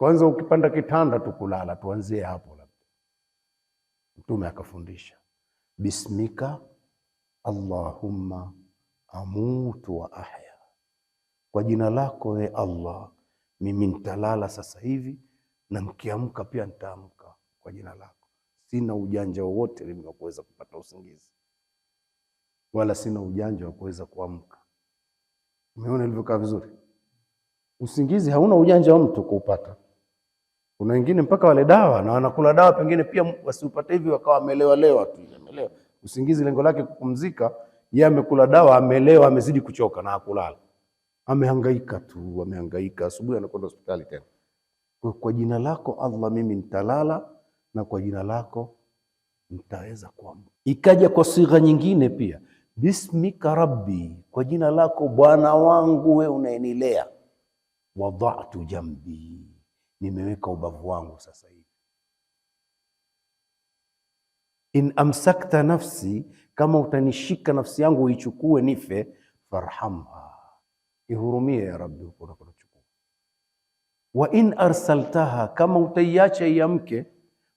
Kwanza ukipanda kitanda tu kulala, tuanzie hapo. Labda Mtume akafundisha bismika allahumma amutu wa ahya, kwa jina lako we Allah, mimi nitalala sasa hivi na nikiamka pia nitaamka kwa jina lako. Sina ujanja wowote mimi wa kuweza kupata usingizi wala sina ujanja wa kuweza kuamka. Umeona ilivyokaa vizuri? Usingizi hauna ujanja wa mtu kuupata kuna wengine mpaka wale dawa na wanakula dawa, pengine pia wasipate hivi wakawa amelewa lewa tu, amelewa usingizi, lengo lake kupumzika. Yeye amekula dawa, amelewa, amezidi kuchoka na hakulala, amehangaika tu, amehangaika. Asubuhi anakwenda hospitali tena. Kwa, kwa jina lako Allah mimi nitalala na kwa jina lako nitaweza kuamka. Ikaja kwa sigha nyingine pia, bismika rabbi, kwa jina lako Bwana wangu we unaenilea, wadhatu jambi nimeweka ubavu wangu sasa hivi. In amsakta nafsi, kama utanishika nafsi yangu uichukue nife, farhamha, ihurumie ya Rabbi huko unakochukua. Wa in arsaltaha, kama utaiacha iamke,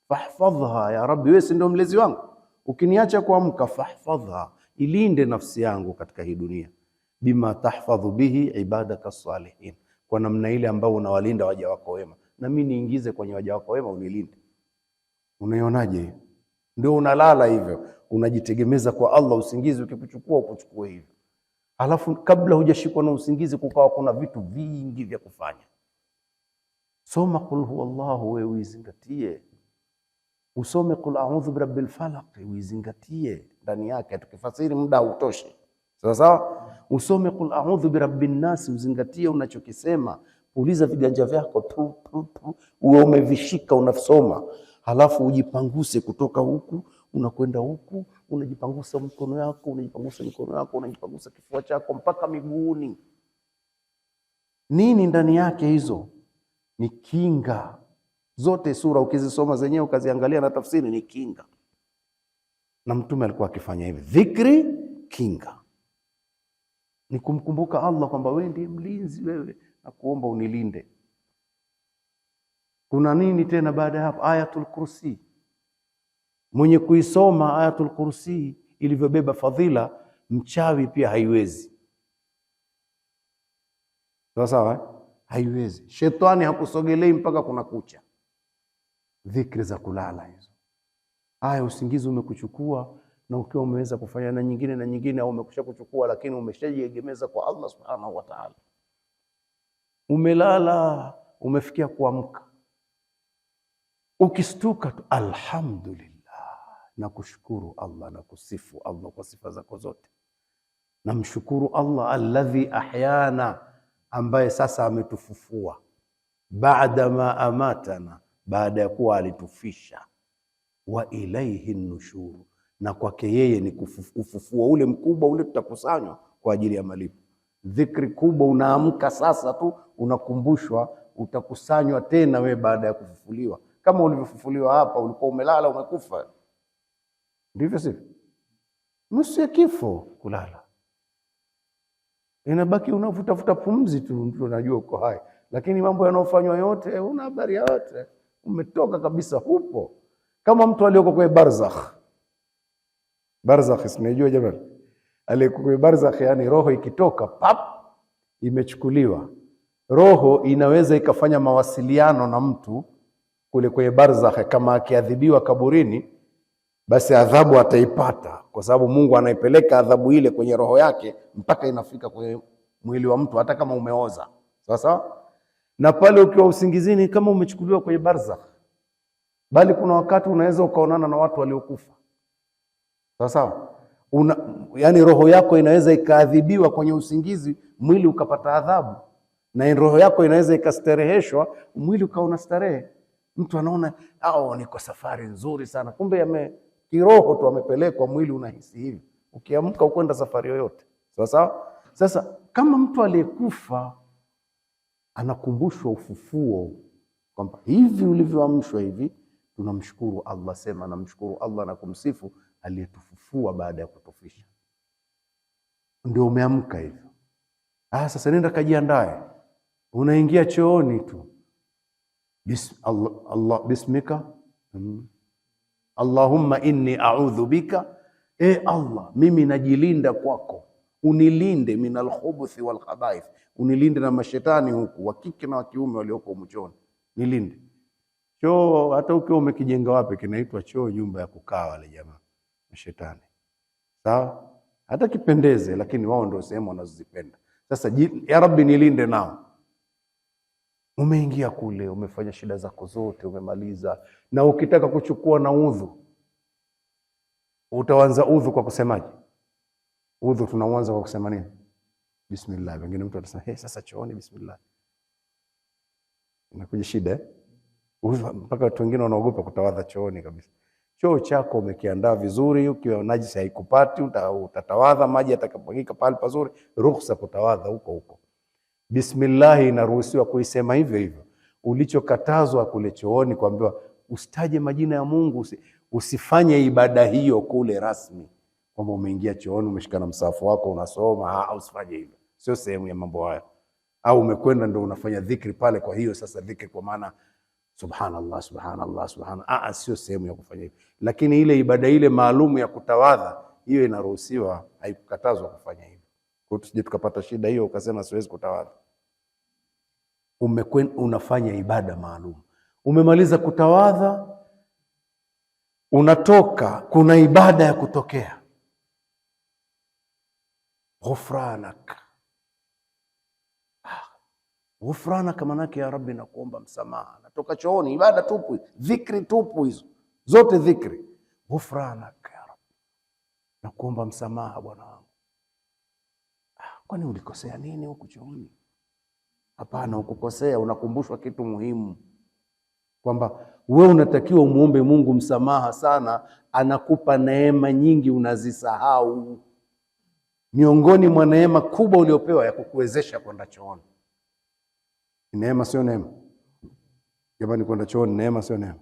fahfadhha ya Rabbi, wewe si ndio mlezi wangu, ukiniacha kuamka, fahfadhha, ilinde nafsi yangu katika hii dunia, bima tahfadhu bihi ibadaka salihin, kwa namna ile ambayo unawalinda waja wako wema na mimi niingize kwenye waja wako wema unilinde. Unaionaje? Ndio unalala hivyo, unajitegemeza kwa Allah, usingizi ukikuchukua ukuchukue hivyo. Alafu kabla hujashikwa na usingizi, kukawa kuna vitu vingi vya kufanya. Soma qul huwallahu, wewe uizingatie. Usome qul a'udhu birabbil falaq, uizingatie ndani yake. Tukifasiri muda hautoshi, sawa sawa. Usome qul a'udhu birabbin nas, uzingatie unachokisema Uliza viganja vyako tu, tu, tu, uwe umevishika unasoma, halafu ujipanguse kutoka huku unakwenda huku, unajipangusa mkono yako, unajipangusa mikono yako, unajipangusa kifua chako mpaka miguuni. Nini ndani yake? Hizo ni kinga zote. Sura ukizisoma zenyewe ukaziangalia na tafsiri, ni kinga, na Mtume alikuwa akifanya hivi. Dhikri kinga ni kumkumbuka Allah kwamba wewe ndiye mlinzi, wewe na kuomba unilinde. Kuna nini tena baada ya hapo? Ayatul Kursi, mwenye kuisoma Ayatul Kursi ilivyobeba fadhila, mchawi pia haiwezi. Sawa sawa, eh? haiwezi. Shetani hakusogelei mpaka kuna kucha. Dhikri za kulala hizo, aya usingizi umekuchukua na ukiwa umeweza kufanya na nyingine na nyingine, au umekusha kuchukua, lakini umeshajiegemeza kwa Allah subhanahu wa ta'ala umelala umefikia kuamka, ukistuka tu alhamdulillah, nakushukuru Allah na kusifu Allah kwa sifa zako zote. Namshukuru Allah alladhi ahyana, ambaye sasa ametufufua baada ma amatana, baada ya kuwa alitufisha. Wa ilaihi nushuru, na kwake yeye ni kufufua ule mkubwa ule, tutakusanywa kwa ajili ya malipo. Dhikri kubwa, unaamka sasa tu unakumbushwa, utakusanywa tena we baada ya kufufuliwa. Kama ulivyofufuliwa hapa, ulikuwa umelala umekufa, ndivyo sivyo? Nusu ya kifo kulala, inabaki unavutafuta pumzi tu, mtu unajua uko hai, lakini mambo yanayofanywa yote una habari yote, umetoka kabisa, hupo kama mtu aliyoko kwenye barzakh. Barzakh, sinajua jamani aliyekuwa barzakh, yani roho ikitoka pap, imechukuliwa. Roho inaweza ikafanya mawasiliano na mtu kule kwenye barzakh. Kama akiadhibiwa kaburini, basi adhabu ataipata, kwa sababu Mungu anaipeleka adhabu ile kwenye roho yake mpaka inafika kwenye mwili wa mtu, hata kama umeoza sawa sawa. Na pale ukiwa usingizini, kama umechukuliwa kwenye barzakh, bali kuna wakati unaweza ukaonana na watu waliokufa sawa sawa una, yani roho yako inaweza ikaadhibiwa kwenye usingizi, mwili ukapata adhabu, na roho yako inaweza ikastereheshwa, mwili ukaona starehe. Mtu anaona au niko safari nzuri sana, kumbe yame kiroho tu amepelekwa, mwili unahisi hivi. Ukiamka ukwenda safari yoyote, sawa sawa. Sasa kama mtu aliyekufa anakumbushwa ufufuo, kwamba hivi ulivyoamshwa hivi, tunamshukuru Allah, sema namshukuru Allah na kumsifu aliyetufufua baada ya kutufisha. Ndio umeamka hivyo. Ah, sasa nenda kajiandae. Unaingia chooni tu. Bism Allah, Allah bismika hmm. Allahumma inni a'udhu bika, e Allah, mimi najilinda kwako, unilinde min alkhubuthi walkhabaith, unilinde na mashetani huku wa kike na wa kiume walioko humu nilinde choo. Hata ukiwa umekijenga wapi, kinaitwa choo, nyumba ya kukaa wale jamaa na shetani. Sawa? Hata kipendeze, lakini wao ndio sehemu wanazozipenda. Sasa ya Rabbi, nilinde nao. Umeingia kule, umefanya shida zako zote, umemaliza, na ukitaka kuchukua na udhu utaanza udhu kwa kusemaje? Udhu tunauanza kwa kusema nini? Bismillah. Wengine mtu atasema hey, sasa chooni bismillah, inakuja shida eh? Udhu mpaka watu wengine wanaogopa kutawadha chooni kabisa choo chako umekiandaa vizuri, ukiwa najisi haikupati utatawadha, maji yatakapofika pale pazuri, ruhusa kutawadha huko huko. Bismillahi inaruhusiwa kuisema hivyo hivyo. Ulichokatazwa kule chooni kuambiwa usitaje majina ya Mungu, usifanye ibada hiyo kule rasmi, kwamba umeingia chooni umeshika na msafu wako unasoma. Ah, usifanye hivyo, sio sehemu ya mambo hayo. Au umekwenda ndo unafanya dhikri pale. Kwa hiyo sasa dhikri kwa maana Subhanallah, subhanallah, subhanallah. Ah, ah, sio sehemu ya kufanya hivyo, lakini ile ibada ile maalumu ya kutawadha hiyo inaruhusiwa, haikukatazwa kufanya hivyo. Kwa hiyo tusije tukapata shida hiyo ukasema siwezi kutawadha. Umekwen, unafanya ibada maalum, umemaliza kutawadha, unatoka, kuna ibada ya kutokea ghufranaka kama manake ya Rabbi, nakuomba msamaha. Natoka chooni, ibada tupu, dhikri tupu, hizo zote dhikri. Ghufranaka ya Rabbi, nakuomba msamaha bwana wangu. Ah, kwani ulikosea nini huku chooni? Hapana, ukukosea, unakumbushwa kitu muhimu kwamba we unatakiwa umuombe Mungu msamaha sana, anakupa neema nyingi unazisahau. Miongoni mwa neema kubwa uliopewa ya kukuwezesha kwenda chooni ni Neema sio neema. Jamani, kwenda choo ni neema sio neema.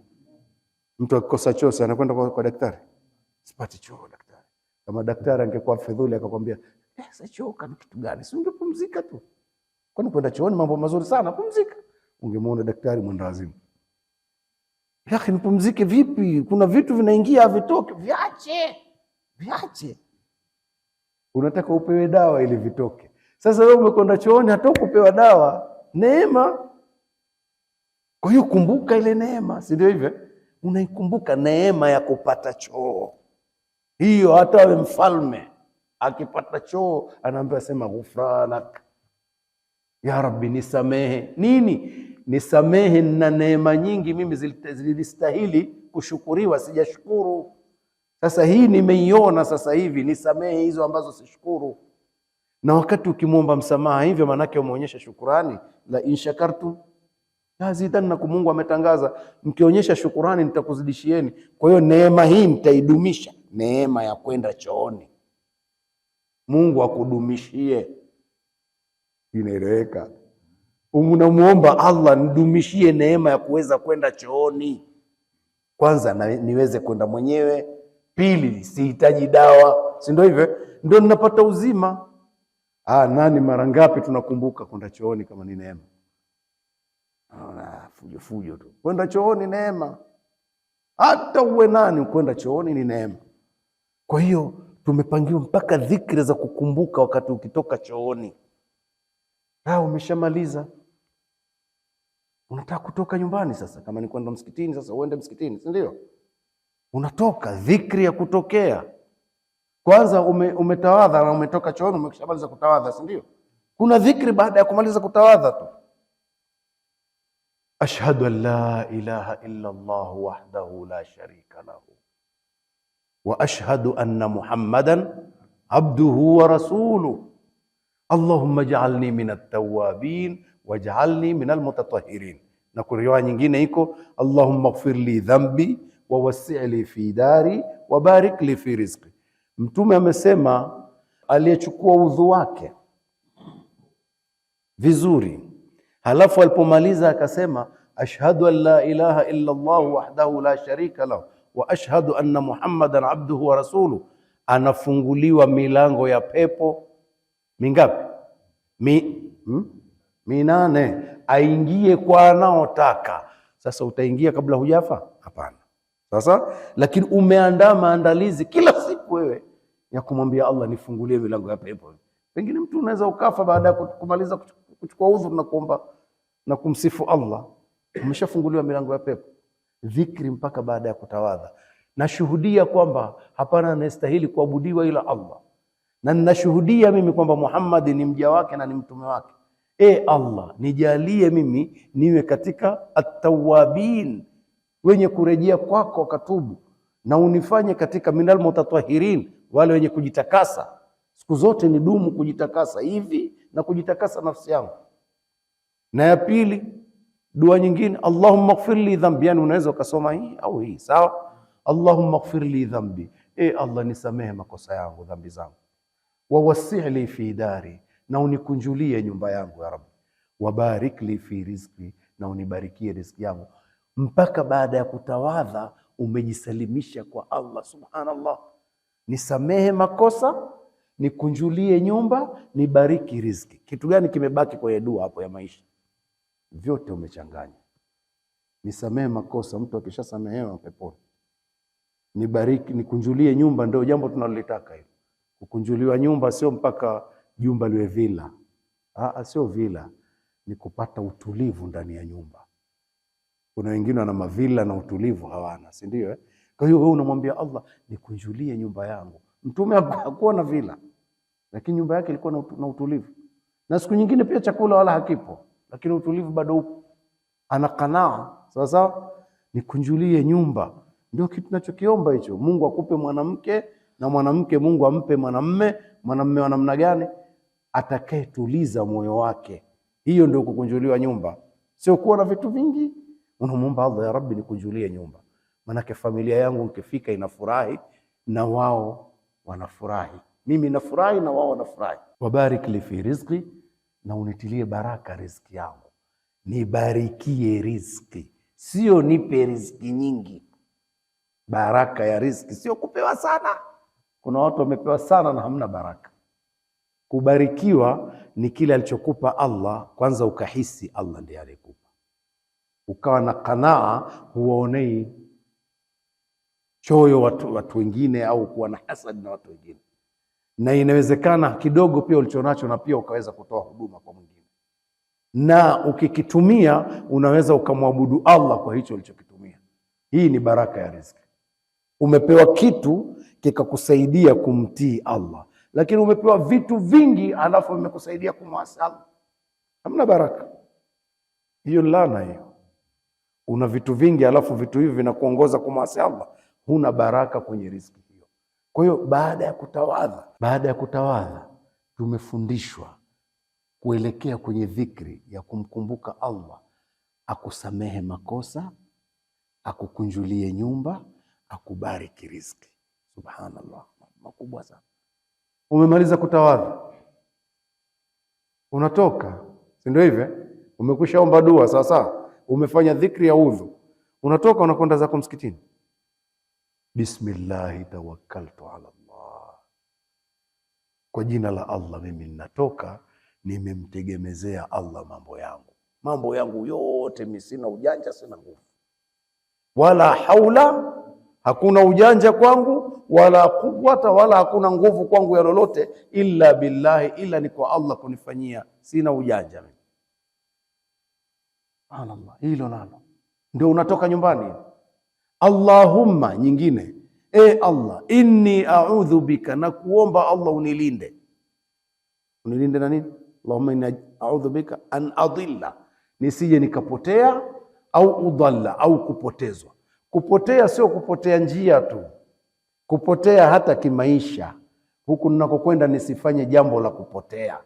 Mtu akikosa choo sana kwenda kwa, kwa daktari. Sipati choo daktari. Kama daktari angekuwa fedhuli akakwambia, "Eh, sasa choo kama kitu gani? Si ungepumzika tu." Kwani kwenda choo ni mambo mazuri sana, pumzika. Ungemwona daktari mwenda mwendawazimu. Lakini pumzike vipi? Kuna vitu vinaingia havitoki, viache. Viache. Unataka upewe dawa ili vitoke. Sasa wewe umekwenda chooni hata ukupewa dawa neema. Kwa hiyo kumbuka ile neema, si ndio hivyo? Unaikumbuka neema ya kupata choo hiyo. Hata awe mfalme akipata choo anaambia sema ghufranak, ya Rabbi, nisamehe. Nini nisamehe? na neema nyingi mimi zilistahili kushukuriwa, sijashukuru. Sasa hii nimeiona sasa hivi, nisamehe hizo ambazo sishukuru na wakati ukimwomba msamaha hivyo, maanake umeonyesha shukurani. la in shakartum lazidannakum, Mungu ametangaza, mkionyesha shukurani nitakuzidishieni. Kwa hiyo neema hii mtaidumisha, neema ya kwenda chooni. Mungu akudumishie, inaeleweka? Unamwomba Allah, nidumishie neema ya kuweza kwenda chooni, kwanza na niweze kwenda mwenyewe, pili sihitaji dawa, si ndio? Hivyo ndio ninapata uzima Ah, nani mara ngapi tunakumbuka kwenda chooni kama ni neema? Ah, fujo fujo tu. Kwenda chooni neema. Hata uwe nani kwenda chooni ni neema. Kwa hiyo tumepangiwa mpaka dhikri za kukumbuka wakati ukitoka chooni. Ah, umeshamaliza. Unataka kutoka nyumbani sasa, kama ni kwenda msikitini sasa uende msikitini, si ndio? Unatoka dhikri ya kutokea Kwanza ume, umetawadha na umetoka chooni, umekishamaliza kutawadha, si ndio? Kuna dhikri baada ya kumaliza kutawadha tu, ashhadu an la ilaha illa Allah wahdahu la sharika lahu wa ashhadu anna Muhammadan abduhu wa rasuluh Allahumma ij'alni min at tawwabin waj'alni min al-mutatahhirin. Na kuna riwaya nyingine iko Allahumma ighfir li dhanbi wa wassi' li fi dari wa barik li fi rizqi Mtume amesema aliyechukua udhu wake vizuri, halafu alipomaliza akasema ashhadu an la ilaha illa Allah wahdahu la sharika lahu wa ashhadu anna Muhammadan abduhu wa rasulu, anafunguliwa milango ya pepo mingapi? Mi, hmm? minane, aingie kwa anaotaka. Sasa utaingia kabla hujafa? Hapana. Sasa lakini umeandaa maandalizi kila siku wewe ya kumwambia Allah nifungulie milango ya pepo. Pengine mtu unaweza ukafa baada ya kumaliza kuchukua udhuru na kuomba na kumsifu Allah, umeshafunguliwa milango ya pepo. Dhikri mpaka baada ya kutawadha. Nashuhudia kwamba hapana anayestahili kuabudiwa ila Allah, na ninashuhudia mimi kwamba Muhammad ni mja wake na ni mtume wake. E Allah, nijalie mimi niwe katika at wenye kurejea kwako wakatubu, na unifanye katika minal mutatahirin, wale wenye kujitakasa. Siku zote ni dumu kujitakasa hivi na kujitakasa nafsi yangu. Na ya pili, dua nyingine, Allahumma ighfirli dhanbi, Yani unaweza ukasoma hii au hii, sawa. Allahumma ighfirli dhanbi, e Allah, nisamehe makosa yangu, dhambi zangu. Wa wasi li fi dari, na unikunjulie nyumba yangu ya Rabbi. li fi rizqi, na unibarikie riziki yangu. Mpaka baada ya kutawadha umejisalimisha kwa Allah, subhanallah nisamehe makosa, nikunjulie nyumba, nibariki riziki. Kitu gani kimebaki kwenye dua hapo ya maisha? Vyote umechanganya. Nisamehe makosa, mtu akishasamehewa peponi. Nibariki, nikunjulie nyumba, ndio jambo tunalolitaka hilo. Kukunjuliwa nyumba sio mpaka jumba liwe vila. Ah, ah, sio vila, ni kupata utulivu ndani ya nyumba. Kuna wengine wana mavila na utulivu hawana, si ndio eh? Kwa hiyo wewe unamwambia Allah, nikunjulie nyumba yangu. Mtume hakuwa na vila, lakini nyumba yake ilikuwa na utulivu, na siku nyingine pia chakula wala hakipo, lakini utulivu bado upo, ana kanaa sawa sawa, nikunjulie nyumba. Ndio kitu tunachokiomba hicho. Mungu akupe mwanamke na mwanamke, Mungu ampe mwanamme, mwanamme wa namna gani? Atakayetuliza moyo wake. Hiyo ndio kukunjuliwa nyumba, sio kuwa na vitu vingi. Unamwomba Allah, ya Rabbi, nikunjulie nyumba manake familia yangu nikifika inafurahi na wao wanafurahi, mimi nafurahi na wao wanafurahi. Wabarik li fi rizqi, na unitilie baraka riziki yangu, nibarikie riziki, sio nipe riziki nyingi. Baraka ya riziki sio kupewa sana. Kuna watu wamepewa sana na hamna baraka. Kubarikiwa ni kile alichokupa Allah, kwanza ukahisi Allah ndiye alikupa, ukawa na kanaa, huwaonei choyo watu, watu wengine au kuwa na hasad na watu wengine, na inawezekana kidogo pia ulichonacho na pia ukaweza kutoa huduma kwa mwingine, na ukikitumia unaweza ukamwabudu Allah kwa hicho ulichokitumia. Hii ni baraka ya riziki. Umepewa kitu kikakusaidia kumtii Allah, lakini umepewa vitu vingi alafu vimekusaidia kumwasi Allah, hamna baraka hiyo, Lana hiyo. Una vitu vingi alafu vitu hivi vinakuongoza kumwasi Allah huna baraka kwenye riziki hiyo. Kwa hiyo baada ya kutawadha, baada ya kutawadha tumefundishwa kuelekea kwenye dhikri ya kumkumbuka Allah, akusamehe makosa, akukunjulie nyumba, akubariki riziki. Subhanallah, makubwa sana. Umemaliza kutawadha, unatoka, si ndio hivyo? omba dua, sawa sawa, umefanya dhikri ya udhu, unatoka unakwenda zako msikitini. Bismillahi tawakkaltu ala Allah, kwa jina la Allah mimi ninatoka, nimemtegemezea Allah mambo yangu, mambo yangu yote. Mimi sina ujanja, sina nguvu wala haula, hakuna ujanja kwangu wala quwwata, wala hakuna nguvu kwangu ya lolote, illa billahi, ila ni kwa Allah kunifanyia. Sina ujanja mimi, Allah, Hilo nalo ndio unatoka nyumbani Allahumma nyingine, e Allah, inni a'udhu bika, na kuomba Allah unilinde. Unilinde na nini? Allahumma inni a'udhu bika an adilla, nisije nikapotea au udalla au kupotezwa. Kupotea sio kupotea njia tu, kupotea hata kimaisha. Huku ninakokwenda nisifanye jambo la kupotea,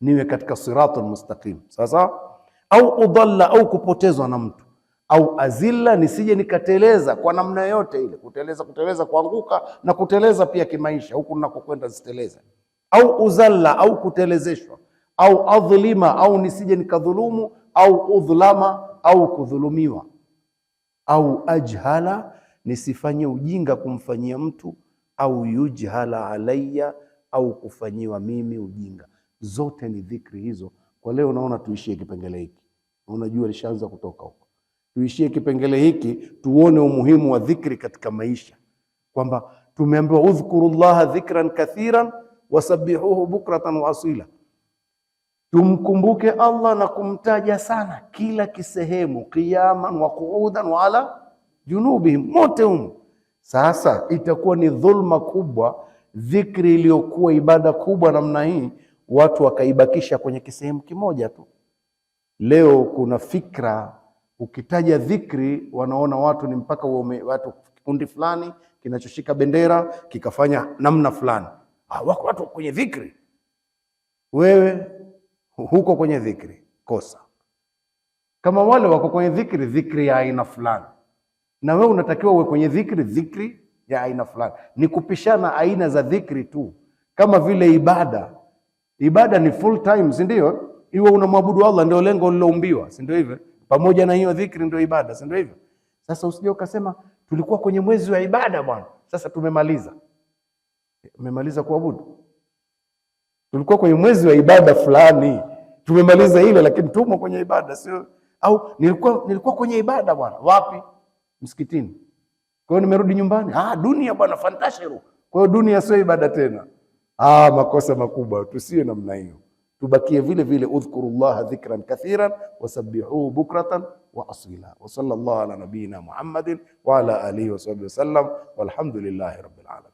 niwe katika siratul mustaqim. Sasa au udalla au kupotezwa na mtu au azilla, nisije nikateleza kwa namna yote ile. Kuteleza, kuteleza, kuanguka na kuteleza pia kimaisha, huku nakokwenda ziteleza, au uzalla au kutelezeshwa, au adhlima au nisije nikadhulumu, au udhlama au kudhulumiwa, au ajhala, nisifanye ujinga kumfanyia mtu, au yujhala alaya au kufanyiwa mimi ujinga. Zote ni dhikri hizo. Kwa leo naona tuishie kipengele hiki, unajua lishaanza kutoka huko. Tuishie kipengele hiki, tuone umuhimu wa dhikri katika maisha, kwamba tumeambiwa udhkurullaha dhikran kathiran wasabihuhu bukratan wa asila, tumkumbuke Allah na kumtaja sana kila kisehemu, qiyaman wa qu'udan wa ala junubihim, mote humu. Sasa itakuwa ni dhulma kubwa dhikri iliyokuwa ibada kubwa namna hii watu wakaibakisha kwenye kisehemu kimoja tu. Leo kuna fikra Ukitaja dhikri, wanaona watu ni mpaka wame, watu kikundi fulani kinachoshika bendera kikafanya namna fulani. Ah, wako watu kwenye dhikri, wewe huko kwenye dhikri, kosa. Kama wale wako kwenye dhikri, dhikri ya aina fulani, na wewe unatakiwa uwe kwenye dhikri, dhikri ya aina fulani. Ni kupishana aina za dhikri tu, kama vile ibada. Ibada ni full time, si ndio? Iwe unamwabudu Allah, ndio lengo lililoumbiwa, si ndio hivyo? Pamoja na hiyo dhikri ndio ibada, si ndio hivyo? Sasa usije ukasema tulikuwa kwenye mwezi wa ibada bwana, sasa tumemaliza. Umemaliza kuabudu? Tulikuwa kwenye mwezi wa ibada fulani, tumemaliza hilo, lakini tumo kwenye ibada, sio? Au nilikuwa nilikuwa kwenye ibada bwana, wapi? Msikitini. Kwa hiyo nimerudi nyumbani. Ah, dunia bwana, fantashiru. Kwa hiyo dunia sio ibada tena. Ah, makosa makubwa, tusiwe namna hiyo. tubakie vile vile, udhkuru llaha dhikran kathiran wasabbihuhu bukratan wa asila. Wa sallallahu ala nabiina Muhammadin wa ala alihi wa sahbihi wasallam walhamdulillahi rabbil alamin.